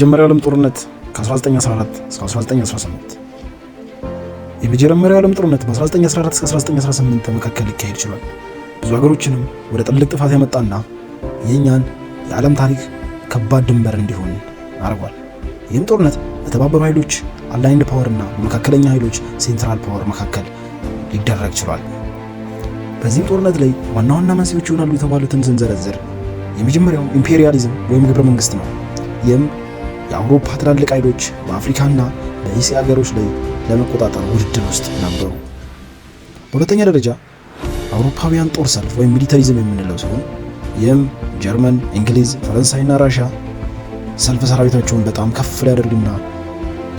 የመጀመሪያው ዓለም ጦርነት ከ1914 እስከ 1918 የመጀመሪያው ዓለም ጦርነት በ1914 እስከ 1918 መካከል ሊካሄድ ይችላል። ብዙ ሀገሮችንም ወደ ጥልቅ ጥፋት ያመጣና የእኛን የዓለም ታሪክ ከባድ ድንበር እንዲሆን አድርጓል። ይህም ጦርነት በተባበሩ ኃይሎች አላይንድ ፓወር እና በመካከለኛ ኃይሎች ሴንትራል ፓወር መካከል ሊደረግ ችሏል። በዚህም ጦርነት ላይ ዋና ዋና መንስኤዎች ይሆናሉ የተባሉትን ስንዘረዝር የመጀመሪያው ኢምፔሪያሊዝም ወይም ግብረ መንግስት ነው። ይህም የአውሮፓ ትላልቅ ኃይሎች በአፍሪካና በእስያ ሀገሮች ላይ ለመቆጣጠር ውድድር ውስጥ ነበሩ። በሁለተኛ ደረጃ አውሮፓውያን ጦር ሰልፍ ወይም ሚሊታሪዝም የምንለው ሲሆን ይህም ጀርመን፣ እንግሊዝ፣ ፈረንሳይና ራሻ ሰልፍ ሰራዊታቸውን በጣም ከፍ ሊያደርግና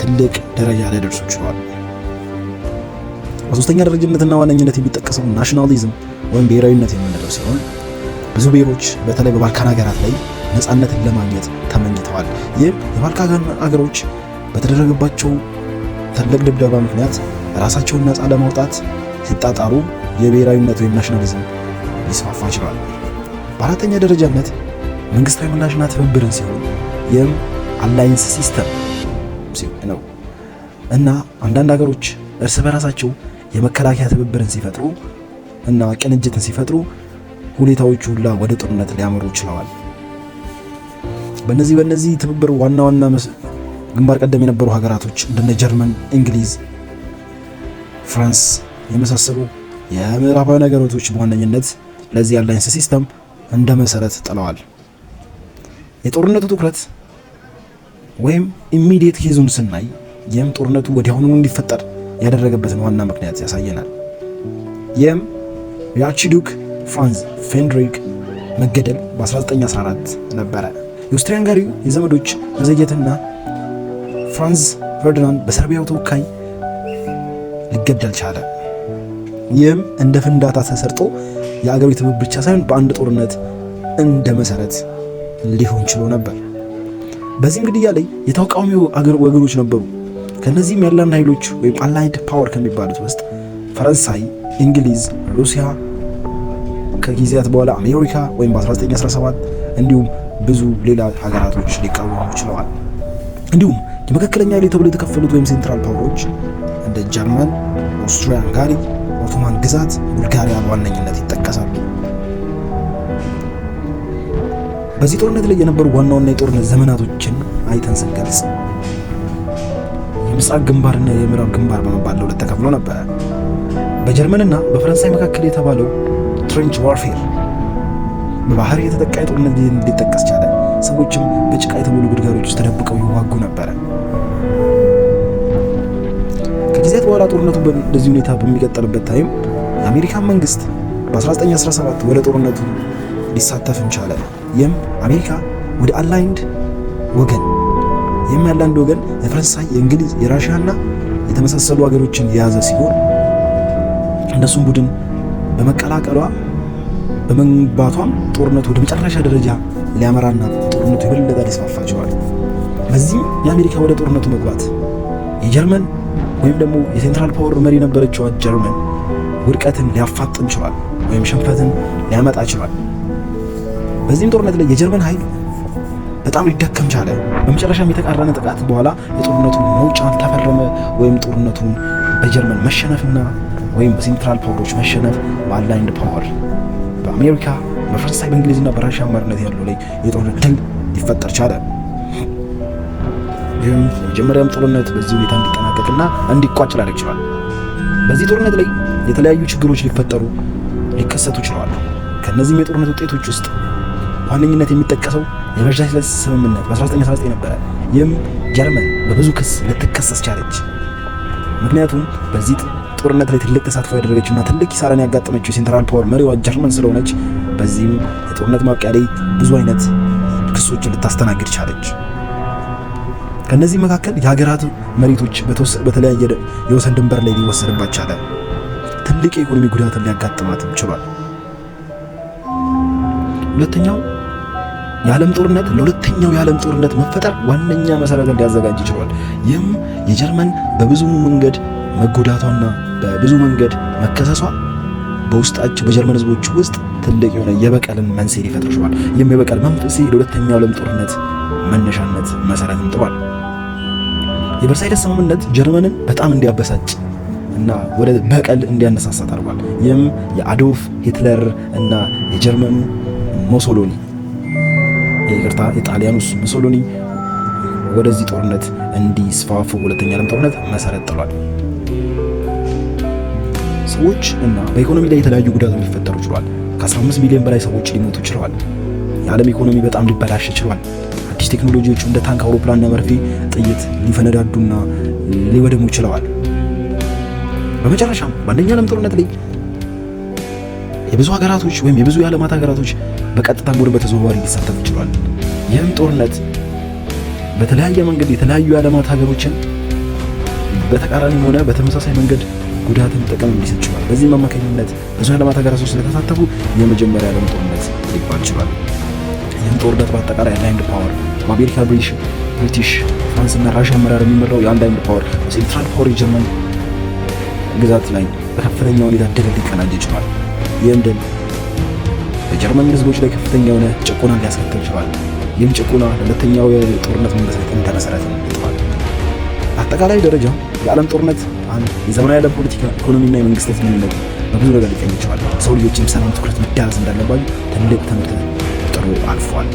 ትልቅ ደረጃ ደርሶ ችሏል። በሶስተኛ ደረጃነትና ዋነኝነት የሚጠቀሰው ናሽናሊዝም ወይም ብሔራዊነት የምንለው ሲሆን ብዙ ብሔሮች በተለይ በባልካን ሀገራት ላይ ነፃነትን ለማግኘት ተመኝተዋል። ይህ የባልካ አገሮች በተደረገባቸው ትልቅ ድብደባ ምክንያት ራሳቸውን ነፃ ለማውጣት ሲጣጣሩ የብሔራዊነት ወይም ናሽናሊዝም ሊስፋፋ ችሏል። በአራተኛ ደረጃነት መንግስታዊ ምላሽና ትብብርን ሲሆን ይህም አላይንስ ሲስተም ነው እና አንዳንድ ሀገሮች እርስ በራሳቸው የመከላከያ ትብብርን ሲፈጥሩ እና ቅንጅትን ሲፈጥሩ ሁኔታዎቹ ሁላ ወደ ጦርነት ሊያመሩ ችለዋል። በነዚህ በነዚህ ትብብር ዋና ዋና ግንባር ቀደም የነበሩ ሀገራቶች እንደነ ጀርመን፣ እንግሊዝ፣ ፍራንስ የመሳሰሉ የምዕራባውያን ሀገራቶች በዋነኝነት ለዚህ አላይንስ ሲስተም እንደ መሰረት ጥለዋል። የጦርነቱ ትኩረት ወይም ኢሚዲየት ኬዙን ስናይ ይህም ጦርነቱ ወዲያውኑ እንዲፈጠር ያደረገበትን ዋና ምክንያት ያሳየናል። ይህም የአርችዱክ ፍራንዝ ፌንድሪክ መገደል በ1914 ነበረ። የኦስትሪያ ሃንጋሪው የዘመዶች መዘግየትና ፍራንስ ፈርዲናንድ በሰርቢያው ተወካይ ሊገደል ቻለ። ይህም እንደ ፍንዳታ ተሰርጦ የአገሪቱ ሕዝብ ብቻ ሳይሆን በአንድ ጦርነት እንደ መሰረት ሊሆን ችሎ ነበር። በዚህም ግድያ ላይ የተቃዋሚው ወገኖች ነበሩ። ከእነዚህም የአንላንድ ኃይሎች ወይም አላይድ ፓወር ከሚባሉት ውስጥ ፈረንሳይ፣ እንግሊዝ፣ ሩሲያ ከጊዜያት በኋላ አሜሪካ ወይም በ1917 እንዲሁም ብዙ ሌላ ሀገራቶች ሊቃወሙ ችለዋል። እንዲሁም የመካከለኛ ኃይል ተብሎ የተከፈሉት ወይም ሴንትራል ፓወሮች እንደ ጀርመን፣ ኦስትሪያ ሃንጋሪ፣ ኦቶማን ግዛት፣ ቡልጋሪያ በዋነኝነት ይጠቀሳሉ። በዚህ ጦርነት ላይ የነበሩ ዋና ዋና የጦርነት ዘመናቶችን አይተን ስንገልጽ የምስራቅ ግንባርና የምዕራብ ግንባር በመባል ለሁለት ተከፍሎ ነበረ። በጀርመንና በፈረንሳይ መካከል የተባለው ትሬንች ዋርፌር በባህር የተጠቃ ጦርነት ሊጠቀስ ቻለ። ሰዎችም በጭቃ የተሞሉ ጉድጓዶች ውስጥ ተደብቀው ይዋጉ ነበረ። ከጊዜያት በኋላ ጦርነቱ በዚህ ሁኔታ በሚቀጠልበት ታይም የአሜሪካን መንግስት በ1917 ወደ ጦርነቱ ሊሳተፍ እንቻለ። ይህም አሜሪካ ወደ አላይንድ ወገን ይህም ያላንድ ወገን የፈረንሳይ፣ የእንግሊዝ፣ የራሽያና የተመሳሰሉ ሀገሮችን የያዘ ሲሆን እነሱም ቡድን በመቀላቀሏ በመንባቷም ጦርነቱ ወደ መጨረሻ ደረጃ ሊያመራና ጦርነቱ የበለጠ ሊስፋፋ ችሏል። በዚህም የአሜሪካ ወደ ጦርነቱ መግባት የጀርመን ወይም ደግሞ የሴንትራል ፓወር መሪ የነበረችዋ ጀርመን ውድቀትን ሊያፋጥን ችሏል፣ ወይም ሽንፈትን ሊያመጣ ችሏል። በዚህም ጦርነት ላይ የጀርመን ኃይል በጣም ሊደከም ቻለ። በመጨረሻም የተቃረነ ጥቃት በኋላ የጦርነቱን መውጫን ተፈረመ፣ ወይም ጦርነቱን በጀርመን መሸነፍና ወይም በሴንትራል ፓወሮች መሸነፍ በአላይንድ ፓወር በአሜሪካ በፈረንሳይ በእንግሊዝና በራሽያ አማርነት ያለው ላይ የጦርነት ድል ሊፈጠር ቻለ። ይህም የመጀመሪያም ጦርነት በዚህ ሁኔታ እንዲጠናቀቅና እንዲቋጭ ላደርግ ይችላል። በዚህ ጦርነት ላይ የተለያዩ ችግሮች ሊፈጠሩ ሊከሰቱ ይችላሉ። ከእነዚህም የጦርነት ውጤቶች ውስጥ በዋነኝነት የሚጠቀሰው የቨርሳይለስ ስምምነት በ1919 ነበረ። ይህም ጀርመን በብዙ ክስ ልትከሰስ ቻለች። ምክንያቱም በዚህ ጦርነት ላይ ትልቅ ተሳትፎ እና ትልቅ ኪሳራን ያጋጠመችው ሴንትራል ፓወር መሪዋ ጀርመን ስለሆነች በዚህም የጦርነት ማብቂያ ላይ ብዙ አይነት ክሶችን ልታስተናግድ ቻለች። ከእነዚህ መካከል የሀገራት መሬቶች በተለያየ የወሰን ድንበር ላይ ሊወሰድባት ቻለ። ትልቅ የኢኮኖሚ ጉዳትን ሊያጋጥማትም ችሏል። ሁለተኛው የዓለም ጦርነት ለሁለተኛው የዓለም ጦርነት መፈጠር ዋነኛ መሰረትን ሊያዘጋጅ ይችላል። ይህም የጀርመን በብዙ መንገድ መጎዳቷና በብዙ መንገድ መከሰሷ በውስጣቸው በጀርመን ህዝቦች ውስጥ ትልቅ የሆነ የበቀልን መንስኤ ይፈጥርሸዋል። ይህም የበቀል መንፈስ ለሁለተኛው ዓለም ጦርነት መነሻነት መሰረትን ጥሏል። የቨርሳይደስ ስምምነት ጀርመንን በጣም እንዲያበሳጭ እና ወደ በቀል እንዲያነሳሳ ታርጓል። ይህም የአዶልፍ ሂትለር እና የጀርመን ሞሶሎኒ ይቅርታ፣ የጣሊያኑስ ሞሶሎኒ ወደዚህ ጦርነት እንዲስፋፉ ሁለተኛ ዓለም ጦርነት መሰረት ጥሏል። ሰዎች እና በኢኮኖሚ ላይ የተለያዩ ጉዳቶች ሊፈጠሩ ችሏል። ከ15 ሚሊዮን በላይ ሰዎች ሊሞቱ ችለዋል። የዓለም ኢኮኖሚ በጣም ሊበላሽ ችሏል። አዲስ ቴክኖሎጂዎች እንደ ታንክ፣ አውሮፕላንና መርፌ ጥይት ሊፈነዳዱና ሊወደሙ ችለዋል። በመጨረሻም በአንደኛ ዓለም ጦርነት ላይ የብዙ ሀገራቶች ወይም የብዙ የዓለማት ሀገራቶች በቀጥታ ሆነ በተዘዋዋሪ ሊሳተፉ ችሏል። ይህም ጦርነት በተለያየ መንገድ የተለያዩ የዓለማት ሀገሮችን በተቃራኒ ሆነ በተመሳሳይ መንገድ ጉዳትን ጥቅም እንዲሰጥ ችሏል። በዚህም አማካኝነት ብዙ ዓለማት ሀገራት ስለተሳተፉ የመጀመሪያ ዓለም ጦርነት ሊባል ይችላል። ይህም ጦርነት በአጠቃላይ ላይንድ ፓወር በአሜሪካ ብሪቲሽ፣ ፍራንስ እና ራሽያ አመራር የሚመራው የአንድ ላይንድ ፓወር ሴንትራል ፓወር የጀርመን ግዛት ላይ በከፍተኛ ሁኔታ ድል ሊቀናጅ ይችላል። ይህም ድል በጀርመን ህዝቦች ላይ ከፍተኛ የሆነ ጭቆና ሊያስከትል ይችላል። ይህም ጭቆና ለሁለተኛው የጦርነት መመስረት እንደመሰረት ነው። በአጠቃላይ ደረጃ የዓለም ጦርነት አንድ የዘመናዊ ዓለም ፖለቲካ፣ ኢኮኖሚና የመንግስት ግንኙነት በብዙ ነገር ሊቀኝ ይችላል። ሰው ልጆችም ሰላም፣ ትኩረት መዳረስ እንዳለባቸው ትልቅ ትምህርት ጥሩ አልፏል።